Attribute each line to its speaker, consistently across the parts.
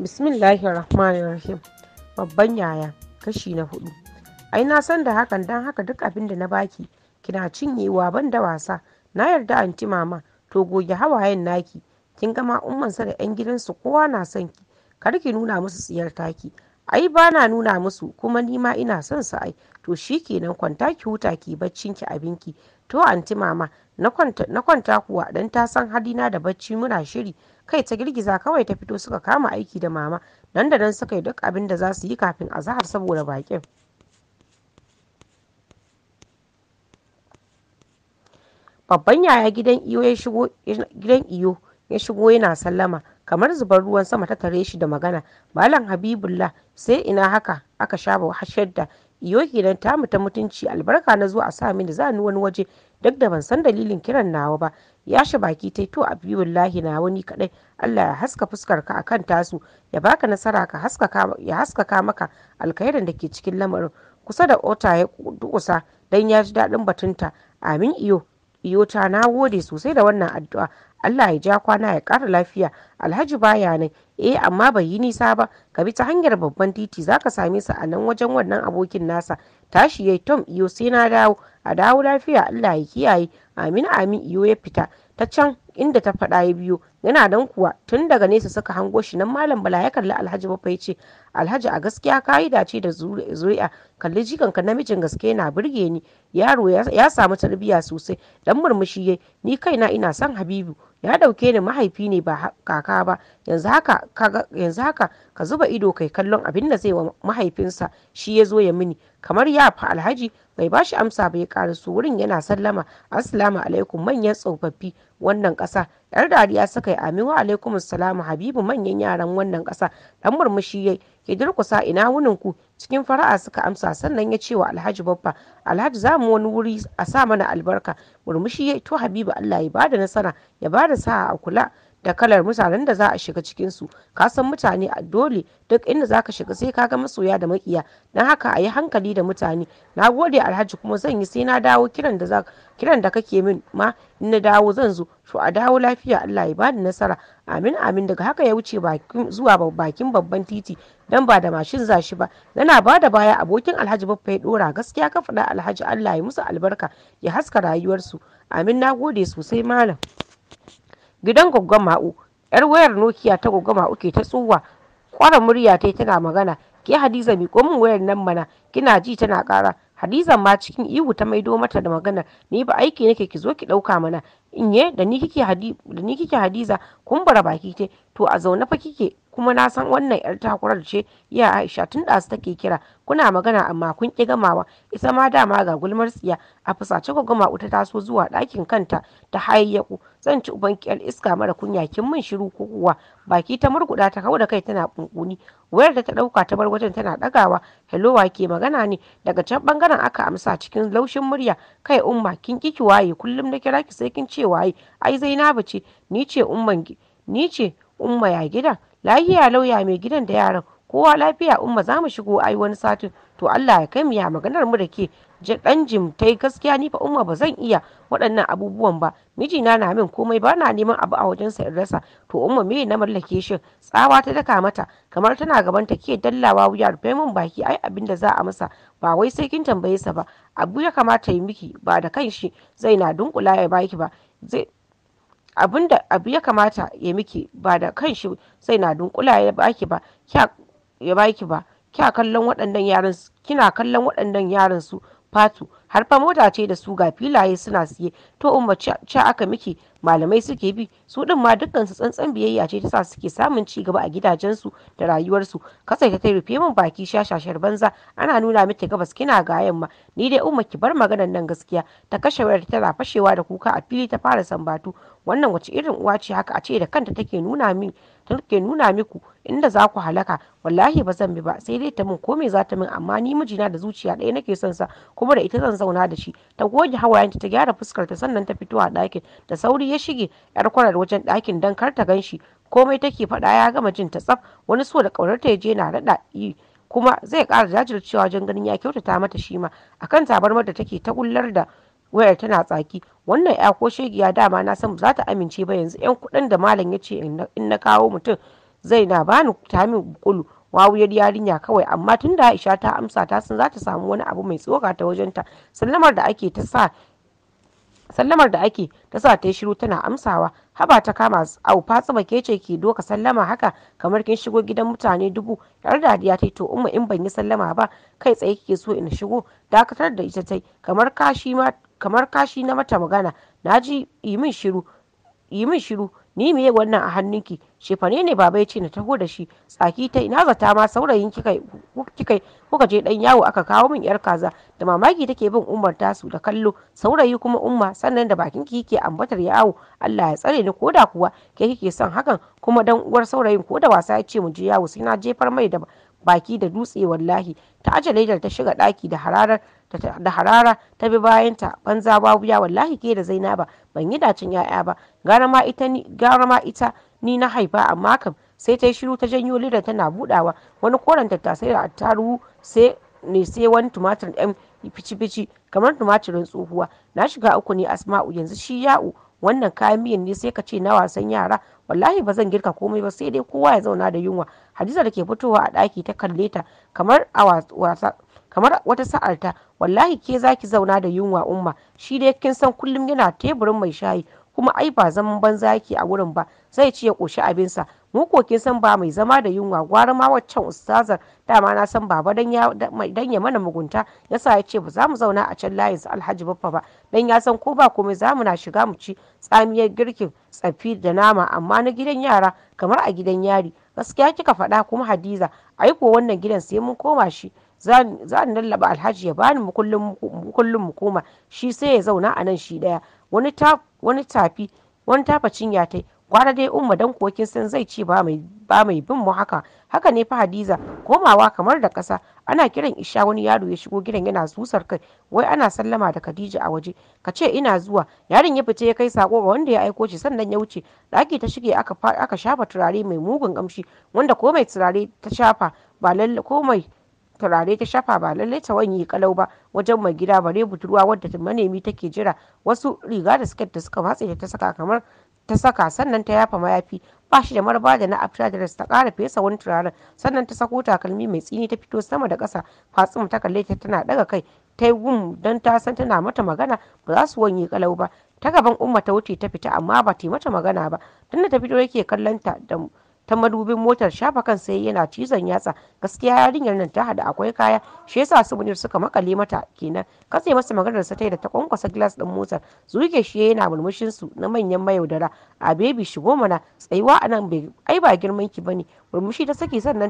Speaker 1: bismillahir rahmanir rahim babban yaya kashi na hudu ai na san da hakan dan haka duk abin da na baki kina cinyewa ban da wasa na yarda anti mama to goge hawayen naki kin gama ummansa da yan gidansu kowa na son ki kar ki nuna musu tsiyar taki ai ba na nuna musu kuma nima ina son su ai to shikenan kwanta ki huta ki baccin ki abinki To anti mama na kwanta kuwa dan ta san hadina da bacci muna shiri kai ta girgiza kawai ta fito suka kama aiki da mama nan da nan suka yi duk abin da za su yi kafin a zahar saboda bakin. Babban yaya gidan iyo ya shigo yana sallama kamar zubar ruwan sama ta tare shi da magana malam habibullah sai ina haka aka sha shadda iyo kenan tamu ta mutunci albarka na zuwa a sa mini za ni wani waje duk da ban san dalilin kiran nawa ba ya shi baki ta to a wallahi na wani kadai Allah ya haska fuskar ka akan tasu ya baka nasara ka haskaka ya haskaka maka alkhairin da ke cikin lamarin kusa da ota ya kusa dan ya ji dadin batunta amin iyo Iyota na gode sosai da wannan addu'a. Allah ya ja kwana ya kara lafiya. Alhaji baya nan. Eh amma bai yi nisa ba. Ka bi ta hanyar babban titi za ka same sa a nan wajen wannan abokin nasa. Tashi yayi Tom Iyo sai na dawo. A dawo lafiya Allah ya kiyaye. Amin amin Iyo ya fita. ta can inda ta faɗa ya biyo yana dan kuwa tun daga nesa suka hango shi nan malam bala ya kalli alhaji bafa ya ce alhaji a gaskiya ka yi dace da zuri'a kalli jikan ka namijin gaske yana birge ni yaro ya samu tarbiyya sosai dan murmushi yayi ni kaina ina son habibu ya dauke ni mahaifi ne ba kaka ba yanzu haka ka zuba ido kai kallon abin da zai wa mahaifinsa shi ya zo ya mini kamar ya fa alhaji bai bashi amsa ba ya su wurin yana sallama assalamu alaikum manyan tsofaffi wannan kasa yar dariya suka yi aminu alaikum assalamu habibu manyan yaran wannan kasa dan murmushi yayi ke durkusa ina wunin ku cikin fara'a suka amsa sannan ya ce wa alhaji babba alhaji za mu wani wuri a sa mana albarka murmushi yayi to habibu Allah ya bada nasara ya bada sa'a a kula da kalar mutanen da za a shiga cikin su ka san mutane a dole duk inda za ka shiga sai ka ga masoya da makiya na haka a yi hankali da mutane na gode alhaji kuma zan yi sai na dawo kiran da kake min ma in na dawo zan zo to a dawo lafiya Allah ya bani nasara amin amin daga haka ya wuce zuwa bakin babban titi dan ba da mashin zashi ba yana ba da baya abokin alhaji baffa ya dora gaskiya ka faɗa alhaji Allah ya musu albarka ya haska rayuwarsu amin na gode sosai malam gidan goggo ma'u yar wayar nokiya ta goggo ma'u ke ta tsuwa kwara murya ta tana magana ke hadiza miƙo min wayar nan mana kina ji tana ƙara Hadiza ma cikin ihu ta maido mata da magana ni ba aiki nake ki zo ki ɗauka mana ye da ni kike hadi da ni kike hadiza bara baki te to a zaune fa kike kuma na san wannan yar takurar ce ya aisha tun da su take kira kuna magana amma kun ki gamawa isa ma dama ga gulmar tsiya a fusace ku gama uta taso zuwa dakin kanta ta hayayyaku zan ci uban kiyar iska mara kunya kin min shiru ko kuwa baki ta murguda ta kawo da kai tana kunkuni wayar da ta dauka ta bar wajen tana dagawa hello ke magana ne daga can bangaren aka amsa cikin laushin murya kai umma kin kiki waye kullum na kira ki sai kin ci cewa ai Zainabu ce ni ce umman ni ce umma ya gidan lafiya lauya mai gidan da yaran kowa lafiya umma za mu shigo ai wani satin to Allah ya kai mu ya maganar mu da ke dan jim tai gaskiya ni fa umma ba zan iya waɗannan abubuwan ba mijina na min komai ba na neman abu a wajen sa in rasa to umma me na mallake shi tsawa ta daka mata kamar tana gaban ta ke dallawa wuya rufe min baki ai abin da za a masa ba wai sai kin tambaye sa ba abu ya kamata yi miki ba da kanshi zai na dunkula ya baki ba zai abin da abu ya kamata ya miki ba da kanshi sai na dunkula ya baki ba ya ba kya kallon waɗannan yaran kina kallon waɗannan yaran su fatu har fa mota ce da su ga filaye suna siye to umma ce aka miki malamai suke bi su din ma dukkan su tsantsan biyayya ce ta sa suke samun ci gaba a gidajensu da rayuwarsu kasai ta rufe min baki shashashar banza ana nuna miki gabas kina ga yamma ni dai umma ki bar maganar nan gaskiya ta kashe wayar tana fashewa da kuka a fili ta fara sambatu wannan wace irin uwa ce haka a ce da kanta take nuna min take nuna miku inda za ku halaka wallahi ba zan bi ba sai dai ta min ko me za ta min amma ni mijina da zuciya ɗaya nake son sa kuma da ita zan zauna da shi ta goge hawayenta ta gyara fuskar ta sannan ta fito a ɗakin da sauri ya shige yar kwarar wajen ɗakin don kar ta ganshi komai take faɗa ya gama jin ta tsaf wani so da ƙaunar ta je na raɗa yi kuma zai kara jajircewa wajen ganin ya kyautata mata shi ma akan tabarmar da take ta kullar da wayar tana tsaki wannan ya ko shegiya dama na san za ta amince ba yanzu yan kuɗin da malam ya ce in na kawo mutum zai na bani tamin bukulu wawuyar yarinya kawai amma tun da Aisha ta amsa ta sun za ta samu wani abu mai tsoka ta wajenta sallamar da ake ta sa sallamar da ake ta sa ta yi shiru tana amsawa haba ta kama au fatsima ke ce ke doka sallama haka kamar kin shigo gidan mutane dubu yar dadiya ta to umma in ban yi sallama ba kai tsaye kike so in shigo dakatar da ita tai kamar kashi ma kamar kashi na mata magana naji yi min shiru yi min shiru ni miye wannan a hannunki shefane ne baba ya ce na taho da shi tsaki ta ina zata ma saurayin kika kuka je dan yawo aka kawo min yar kaza da mamaki take bin ummar tasu da kallo saurayi kuma umma sannan da bakin ki yake ambatar yawo Allah ya tsare ni koda kuwa ke kike son hakan kuma dan uwar saurayin koda wasa ya ce mu je yawo sai na jefar mai da baki da dutse wallahi ta aje ledar ta shiga daki da hararar da harara ta bi bayanta banza babu ya wallahi ke da zainaba ban yi dacin ya'ya ba gara ma ita ni na haifa amma kam sai ta yi shiru ta janyo lidar tana budawa wani koren tattasai da attaruhu sai ne sai wani tumatir ɗan fici-fici kamar tumatirin tsohuwa na shiga uku ne asma'u yanzu shi ya'u wannan kayan miyan ne sai ka ce na wasan yara wallahi ba zan girka komai ba sai dai kowa ya zauna da yunwa hadiza da ke fitowa a ɗaki ta kalle ta kamar a wasa kamar wata sa'arta wallahi ke zaki zauna da yunwa umma shi dai kin san kullum yana teburin mai shayi kuma ai ba zaman banza yake a wurin ba zai ci ya koshi abinsa mu ko kin san ba mai zama da yunwa gwara ma waccan ustazar dama na san baba dan ya dan ya mana mugunta yasa ya ce ba za mu zauna a can layin su Alhaji Baffa ba dan ya san ko ba komai za mu na shiga mu ci tsamiyar girkin tsafi da nama amma na gidan yara kamar a gidan yari gaskiya kika faɗa kuma hadiza ai ko wannan gidan sai mun koma shi za ni lallaba alhaji ya bani mu kullum mu koma shi sai ya zauna a nan shi ɗaya wani tafi wani tafa cinya tai gwara dai umma dan kokin san zai ce ba mai bin mu haka haka ne fa hadiza komawa kamar da kasa ana kiran isha wani yaro ya shigo gidan yana susar kai wai ana sallama da khadija a waje ka ce ina zuwa yarin ya fice ya kai sako ga wanda ya aiko shi sannan ya wuce daki ta shige aka shafa turare mai mugun kamshi wanda komai turare ta shafa ba lalle komai turare ta shafa ba lallai ta wanyi kalau ba wajen mai gida bare budurwa wadda manemi take jira wasu riga da siket da suka matse ta saka kamar ta saka sannan ta yafa mayafi ba shi da marba da na after ta kara fesa wani turaren sannan ta sako takalmi mai tsini ta fito sama da ƙasa fatsima ta kalle ta tana daga kai ta yi gum don ta san tana mata magana ba za su wanye kalau ba ta gaban umma ta wuce ta fita amma ba ta yi mata magana ba tunda ta fito yake kallon ta da ta madubin motar shafa kan sai yana cizon yatsa gaskiya yarinyar nan ta hada akwai kaya shi yasa su munir suka makale mata kenan katse masa maganar sa da ta kwankwasa glass din motar zuke shi yana murmushin su na manyan mayaudara a baby shigo mana tsayuwa anan bai ai ba girman ki bane murmushi ta saki sannan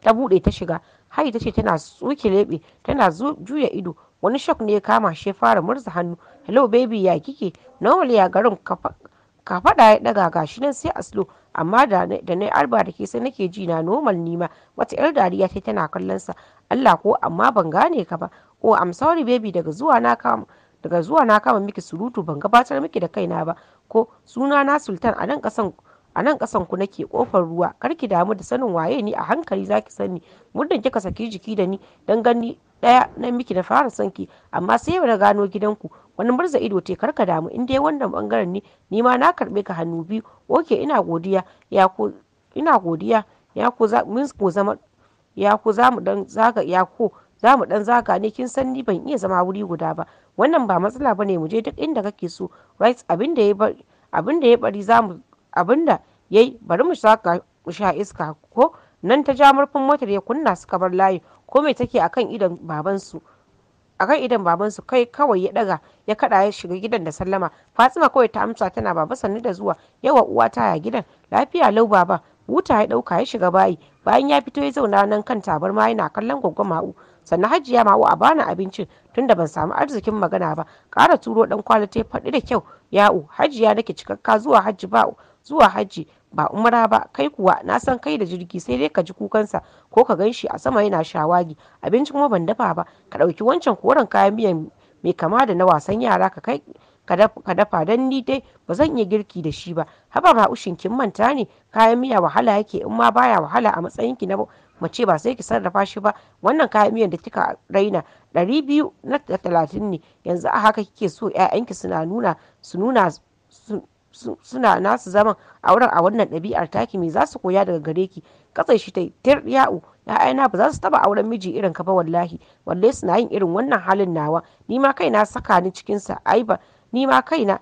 Speaker 1: ta bude ta shiga hai ta ce tana tsuke lebe tana juya ido wani shock ne ya kama shi fara murza hannu hello baby ya kike normal ya garin ka faɗa ya ɗaga gashi nan sai a slow amma da na arba da ke sai nake ji na normal nima wata yar dariya ta tana kallon sa Allah ko amma ban gane ka ba ko oh, am sorry baby daga zuwa na kama daga zuwa na kama miki surutu ban gabatar miki da kaina ba ko suna na sultan a nan kasan a nan kasan ku nake kofar ruwa karki damu da sanin waye ni a hankali zaki sani muddin kika saki jiki da ni dan gani daya na miki na fara sanki amma sai na gano gidanku wani murza ido te karka damu in dai wannan bangaren ne ni ma na karbe ka hannu biyu oke ina godiya ya ko ina godiya ya ko za mun ko zama ya ko za mu dan zaga ya ko za mu dan zaga ne kin san ni ban iya zama wuri guda ba wannan ba matsala bane mu je duk inda kake so right abinda ya bari ya bari za mu abinda yayi bari mu saka mu sha iska ko nan ta ja murfin motar ya kunna suka bar layi ko mai take akan idan babansu a kan idan babansu kai kawai ya daga ya kada ya shiga gidan da sallama fatima kawai ta amsa tana baba sannu da zuwa yawa uwa ta ya gidan lafiya lau baba wuta ya dauka ya shiga bayi bayan ya fito ya zauna nan kan tabarma yana kallon goggo ma'u sannan hajiya ma'u a bani abincin tunda ban samu arzikin magana ba Kara turo dan ta ya faɗi da kyau ya'u hajiya nake cikakka zuwa hajji ba'u zuwa hajji ba umara ba kai kuwa na san kai da jirgi sai dai ka ji kukansa ko ka gan shi a sama yana shawagi abinci kuma ban dafa ba ka ɗauki wancan koren kayan miyan mai kama da na wasan yara ka kai ka dafa don ni dai ba zan iya girki da shi ba haba ba ushin kin manta ne kayan miya wahala yake in ma baya wahala a matsayin ki na mace ba sai ki sarrafa shi ba wannan kayan miyan da kika raina ɗari biyu na talatin ne yanzu a haka kike so 'ya'yanki suna nuna su nuna suna nasu zaman a wurin a wannan ɗabi'ar taki me za su koya daga gare ki katsai shi ta tir ya'u ya'yana ba za su taba auren miji irin ka ba wallahi wallahi suna yin irin wannan halin nawa ni ma kaina saka ni cikin sa ai ni ma kaina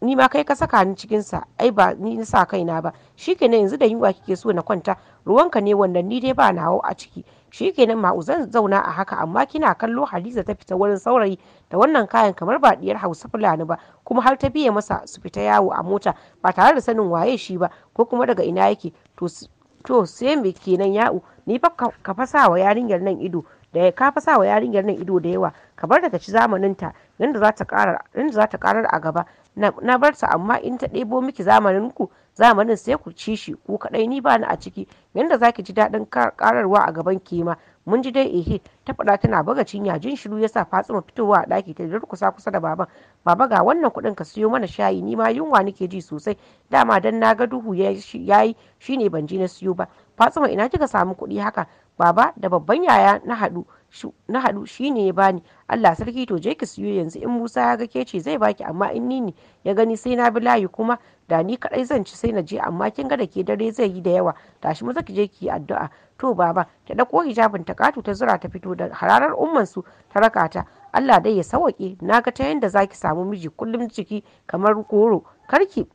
Speaker 1: ni ma kai ka saka ni cikin sa ai ba ni na sa na ba shikenan yanzu da yunwa kike so na kwanta ruwanka ne wannan ni dai ba nawo a ciki shikenan ma zan zauna a haka amma kina kallo Hadiza ta fita wurin saurayi da wannan kayan kamar ba diyar Hausa Fulani ba kuma har ta biye masa su fita yawo a mota ba tare da sanin waye shi ba ko kuma daga ina yake to to sai me kenan ya'u ni fa ka wa yarinyar nan ido da ka sa wa yarinyar nan ido da yawa kamar bar ta ci zamanin ta yanda za ta karar a gaba na bar amma in ta ɗebo miki zamanin ku zamanin sai ku ci shi ku kaɗai ni ba ni a ciki yanda zaki ji daɗin kararwa a gaban kema mun ji dai ehe ta faɗa tana baga cinya jin shiru yasa fatsuma fitowa a ɗaki ta durkusa kusa da baban baba ga wannan kuɗin ka siyo mana shayi ni ma yunwa nake ji sosai dama dan na ga duhu yayi shine ban je na siyo ba fatsuma ina kika samu kuɗi haka baba da babban yaya na haɗu na haɗu shi ne ya bani Allah sarki to je ki siyo yanzu in Musa ya ga keci zai baki amma in ni ne ya gani sai na bi layi kuma da ni kadai zan ci sai na je amma kin ga da ke dare zai yi da yawa tashi mu ki je ki yi addu'a to baba ta ɗauko hijabin ta katu ta zura ta fito da hararar umman su ta raka ta Allah dai ya sawake na ga ta yanda zaki samu miji kullum ciki kamar koro karki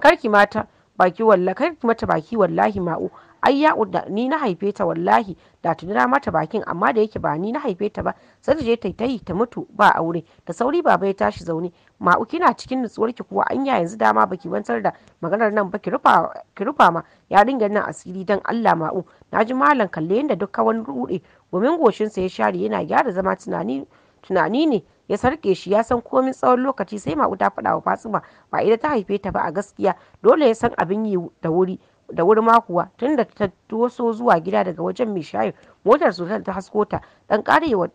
Speaker 1: karki mata baki wallahi mata baki wallahi ma'u ai ya da ni na haife ta wallahi da tuni na mata bakin amma da yake ba ni na haife ta ba sai ta je ta tayi ta mutu ba aure da sauri baba ya tashi zaune ma'u kina cikin nutsuwar ki kuwa anya yanzu dama baki wantar da maganar nan ba ki rufa ki rufa ma yarinyar nan asiri dan Allah ma'u naji malam kalle yanda duk wani rude gumin goshinsa ya share yana gyara zama tunani tunani ne ya sarke shi ya san komin tsawon lokaci sai ma'u ta faɗa wa fatsima ba ita ta haife ta ba a gaskiya dole ya san abin yi da wuri da wuri ma kuwa tun da ta doso zuwa gida daga wajen mai shayin motar sultan ta hasko ta dan karewa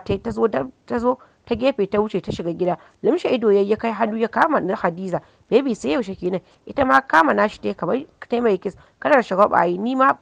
Speaker 1: ta ta zo ta gefe ta wuce ta shiga gida limshe ido ya kai hannu ya kama na hadiza baby sai yaushe kenan ita ma kama nashi ta kamar ta mai kis kada shiga bayi ni ba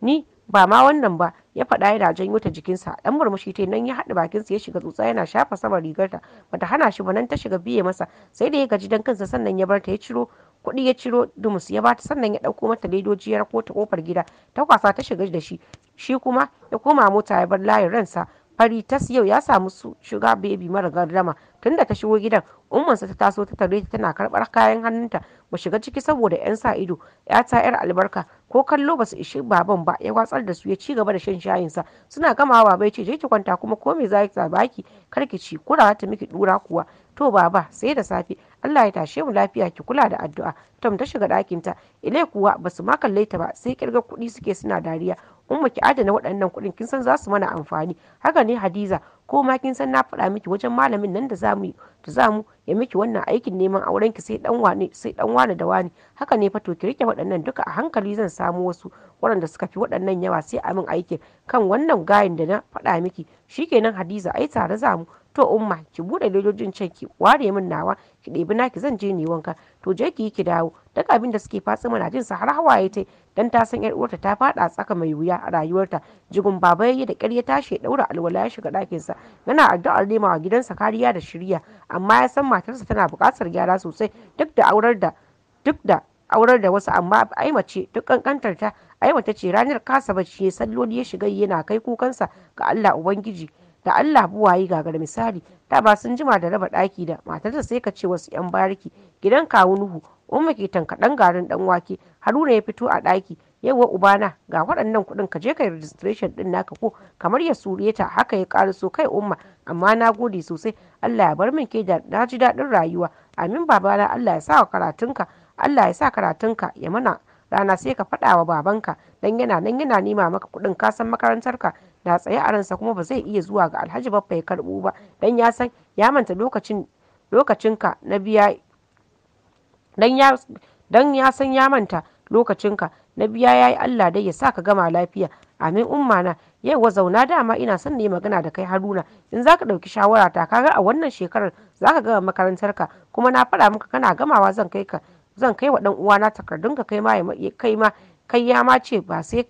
Speaker 1: ni ba ma wannan ba ya faɗa yana janyo ta jikinsa dan murmushi ta nan ya haɗa bakinsa ya shiga tsutsa yana shafa sama rigarta bata hana shi ba nan ta shiga biye masa sai da ya gaji dan kansa sannan ya bar ta ya ciro kuɗi ya ciro dumus ya bata sannan ya ɗauko mata ledoji ya rako ta kofar gida ta kwasa ta shiga da shi shi kuma ya koma mota ya bar layin ransa fari yau ya samu su shiga bebi mara gardama tunda ta shigo gidan ummansa ta taso ta tare ta tana karbar kayan hannunta ba shiga ciki saboda yan sa ido ya ta yar albarka ko kallo ba su ishi baban ba ya watsar da su ya ci gaba da shan sa suna gamawa baba ya ce je ki kwanta kuma ko me za ki ta baki kar ki ci kura ta miki dura kuwa to baba sai da safe Allah ya tashe mu lafiya ki kula da addu'a tom ta shiga ɗakinta ile kuwa ba su ma kalle ta ba sai kirga kuɗi suke suna dariya in ki adana waɗannan kuɗin kin san za su mana amfani haka ne hadiza ko ma kin san na faɗa miki wajen malamin nan da zamu da zamu ya miki wannan aikin neman auren ki sai dan wane sai dan wane da wani haka ne fa to ki rike waɗannan duka a hankali zan samu wasu waɗanda suka fi waɗannan yawa sai a min aikin kan wannan gayin da na faɗa miki shikenan hadiza ai tare zamu to umma ki bude lojojin can ki ware min nawa ki ɗebi naki zan je ni wanka to je ki yi ki dawo duk abin da suke fatsi mana jin sa har hawaye ta dan ta san yar uwarta ta fada tsaka mai wuya a rayuwarta jigun baba yayi da ƙarya tashi daura alwala ya shiga ɗakin sa yana addu'ar nema wa gidansa kariya da shirya amma ya san matarsa tana buƙatar gyara sosai duk da aurar da duk da aurar da wasu amma ai mace duk kankantar ta ai mata ce ranar kasa bacci ya salloli ya shiga yana kai kukansa ga Allah ubangiji da Allah buwaye gagar misali da ba sun jima da raba ɗaki da matarsa sai ka ce wasu 'yan bariki gidan kawu nuhu umma ke tankaɗan garin dan wake haruna ya fito a ɗaki yawa ubana ga waɗannan kuɗin ka je ka yi registration ɗin naka ko kamar ya ta haka ya ƙara so kai umma amma na gode sosai allah ya bar min ke da na ji daɗin rayuwa amin babana allah ya sa karatunka allah ya sa karatunka ya mana rana sai ka faɗa wa babanka dan yana nan yana nema maka kuɗin ka kasan makarantarka na tsaye a ransa kuma ba zai iya zuwa ga alhaji babba ya karɓo ba dan ya san ya manta lokacin lokacinka na biya dan ya san ya manta lokacinka na biya ya yi Allah dai ya sa ka gama lafiya amin umma na yau zauna dama ina son ne magana da kai haruna in zaka ɗauki shawara ta kaga a wannan shekarar zaka gama makarantar ka kuma na faɗa maka kana gamawa zan kai ka zan kai wa ɗan uwana takardun ka kai ma kai ma kai ya ma ce ba sai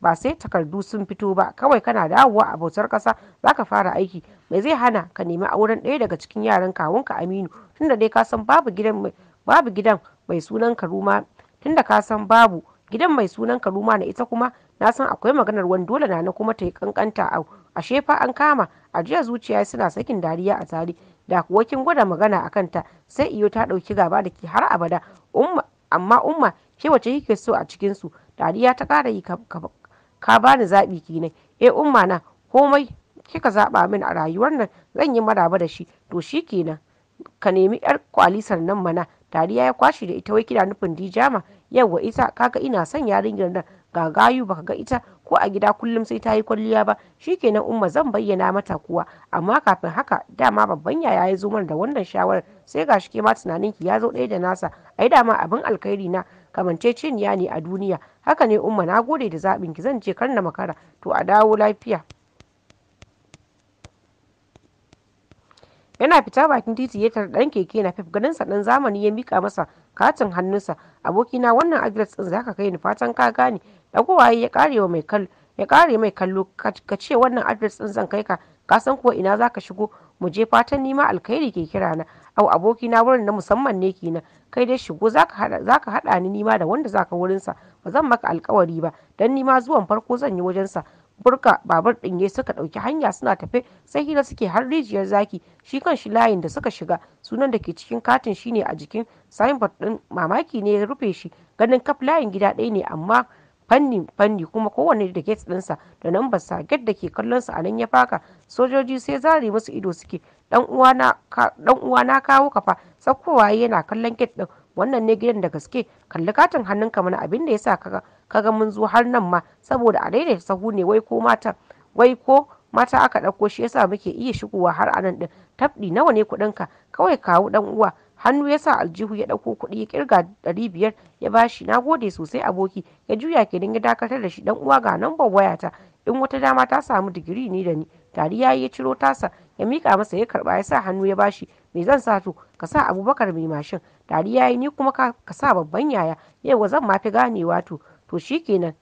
Speaker 1: ba sai takardu sun fito ba kawai kana dawowa a bautar ƙasa zaka fara aiki mai zai hana ka nemi auren ɗaya daga cikin yaran kawunka aminu tunda dai ka san babu gidan mai babu gidan mai sunan karuma tunda ka san babu gidan mai sunan karuma na ita kuma na san akwai maganar wani dole na na kuma ta yi kankanta a ashe fa an kama a jiya zuciya suna sakin dariya a tare da kuwa kin gwada magana a kanta sai iyo ta ɗauki gaba da ke har abada amma umma ke wace kike so a cikin su dariya ta kara yi ka bani zaɓi kenan eh umma na komai kika zaɓa min a rayuwar nan zan yi maraba da shi to shi kenan ka nemi yar kwalisar nan mana dariya ya kwashe da ita wai kina nufin dijama yawa ita kaga ina son yarinyar nan ga gayu baka ga ita ko a gida kullum sai ta yi kwalliya ba shi shikenan umma zan bayyana mata kuwa amma kafin haka dama babban yaya ya zo mana da wannan shawarar sai ga shi ke ma tunanin ki ya zo ɗaya da nasa ai dama abin alkhairi na ciniya ne a duniya haka ne umma na gode da zaɓin ki zan je kar na makara to a dawo lafiya yana fita bakin titi ya dan keke na fif ganin sa dan zamani ya mika masa katin hannunsa abokina wannan adres din zaka kai ni fatan ka gane waye ya karewa mai kallo ya kare mai kallo ka ce wannan adres din zan kai ka ka san kuwa ina zaka shigo mu je fatan nima alkhairi ke kira na au aboki na wurin na musamman ne kenan kai dai shigo zaka hada zaka hada ni nima da wanda zaka wurin sa ba zan maka alkawari ba dan nima zuwan farko zan yi wajensa. sa burka babur ya suka ɗauki hanya suna tafe sai hira suke har rijiyar zaki shi kan shi layin da suka shiga sunan da ke cikin katin shine a jikin signboard din mamaki ne ya rufe shi ganin kaf layin gida ɗaya ne amma fanni fanni kuma kowanne da gate sa da number sa gate da ke kallon sa anan ya faka sojoji sai zare musu ido suke dan uwa na kawo kafa sakkowa yana kallon gate din wannan ne gidan da gaske kalli katin hannun mana abin da yasa ka kaga mun zo har nan ma saboda a daidaita sahu ne wai ko mata wai ko mata aka ɗauko shi yasa muke iya shigowa har anan din tabɗi nawa ne kuɗin ka kawai kawo ɗan uwa hannu ya sa aljihu ya ɗauko kuɗi ya kirga ɗari biyar ya bashi na gode sosai aboki ya juya dan ya dakatar da shi dan uwa ga nambar wayata in wata dama ta samu digiri ne da ni tari ya yi ya ciro tasa ya mika masa ya karba ya sa hannu ya bashi me zan sa to ka sa abubakar mai mashin tari ya yi ni kuma ka sa babban yaya yau zan ma fi ganewa to to shi kenan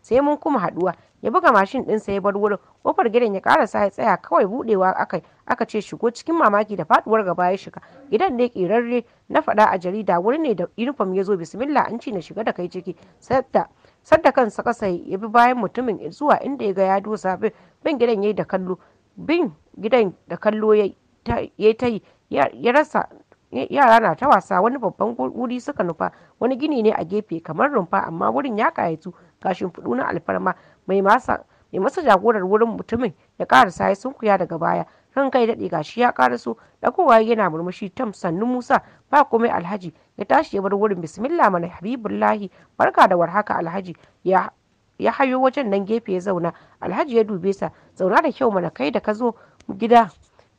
Speaker 1: sai mun kuma haduwa ya buga mashin ɗinsa ya bar wurin kofar gidan ya sa ya tsaya kawai budewa akai aka ce shigo cikin mamaki da faduwar gaba ya shiga gidan ne kirarre na faɗa a jarida wurin ne da uniform ya zo bismillah an ci na shiga da kai ciki sadda sadda kansa kasa ya bi bayan mutumin zuwa inda ya ga ya dosa bin gidan yayi da kallo bin gidan da kallo ya ta yi ya rasa yara na ta wasa wani babban wuri suka nufa wani gini ne a gefe kamar rumfa amma wurin ya kayatu ga shimfiɗu na alfarma mai masa mai masa jagorar wurin mutumin ya karasa ya sunkuya daga baya kan kai daɗe gashi ya so dakowa yana murmushi tam sannu musa ba komai alhaji ya tashi ya bar wurin bismillah mana habibullahi barka da warhaka alhaji ya ya hayo wajen nan gefe ya zauna alhaji ya dube sa zauna da kyau mana kai da ka zo gida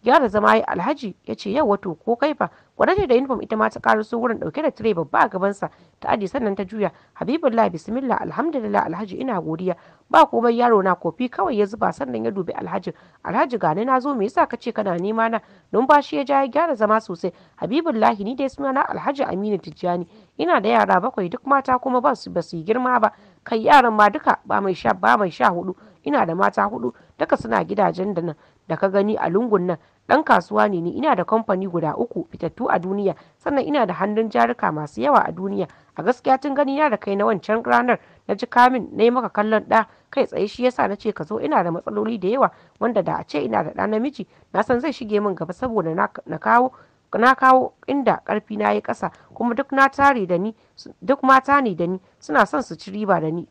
Speaker 1: gyara zama ya alhaji ya ce yau wato ko kai fa gwadaje da uniform ita ma ta su wurin dauke da tire babba a gabansa ta aji sannan ta juya habibullahi bismillah alhamdulillah alhaji ina godiya ba komai yaro na kofi kawai ya zuba sannan ya dubi alhaji alhaji gani na zo me yasa ka ce kana nema na numfashi ya ja ya gyara zama sosai habibullahi ni dai suna na alhaji aminu tijjani ina da yara bakwai duk mata kuma ba su yi girma ba kai yaran ma duka ba mai sha ba mai sha hudu ina da mata hudu duka suna gidajen da nan da ka gani a lungun nan Dan kasuwa ne ni ina da kamfani guda uku fitattu a duniya sannan ina da hannun jaruka masu yawa a duniya a gaskiya tun gani na da kai na wancan ranar na ji kamin na yi maka kallon ɗa kai tsaye shi yasa na ce ka zo ina da matsaloli da yawa wanda da a ce ina da ɗa namiji na san zai shige min gaba saboda na kawo na kawo inda karfi na yi kasa kuma duk na tare da ni duk mata ne da ni suna son su ci riba da ni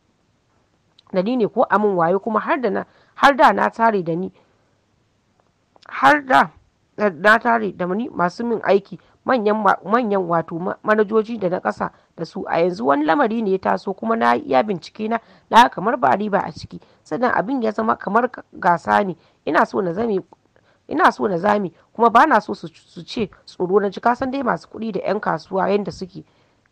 Speaker 1: da ni ne ko amin wayo kuma har da na tare da ni har da na tare da wani masu min aiki manyan wato manajoji da na ƙasa da su a yanzu wani lamari ne ya taso kuma na iya bincike na na kamar ba riba a ciki sannan abin ya zama kamar gasa ne ina so na zame kuma ba na so su ce tsoro na ji kasan dai masu kuɗi da 'yan kasuwa yadda suke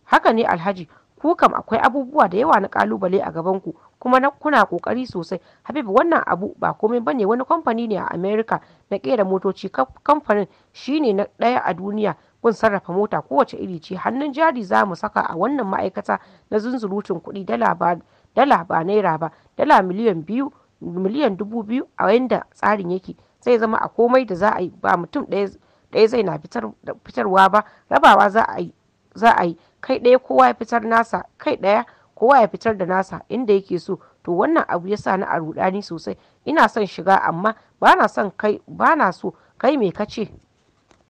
Speaker 1: haka ne alhaji ku kam akwai abubuwa da yawa na kalubale a gaban ku kuma na kuna kokari sosai habib wannan abu ba komai bane wani kamfani ne a america na kera motoci kamfanin shine na daya a duniya kun sarrafa mota kowace iri ce hannun jari za mu saka a wannan ma'aikata na zunzurutun kuɗi dala ba naira ba dala miliyan biyu miliyan dubu biyu a yanda tsarin yake zai zama a komai da za a yi ba mutum ɗaya zai na fitarwa ba rabawa za a yi kai ɗaya kowa ya fitar nasa kai ɗaya kowa ya fitar da nasa inda yake so to wannan abu ya sa ni a rudani sosai ina son shiga amma ba na son kai ba na so kai me kace